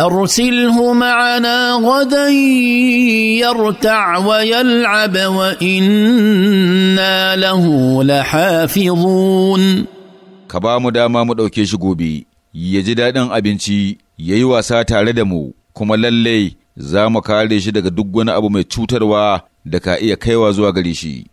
أرسله معنا غدا يرتع ويلعب وإنا له لحافظون ka ba mu dama mu ɗauke shi gobe, ya ji daɗin abinci, ya yi wasa tare da mu, kuma lallai za mu kare shi daga duk wani abu mai cutarwa da ka iya kaiwa zuwa gare shi.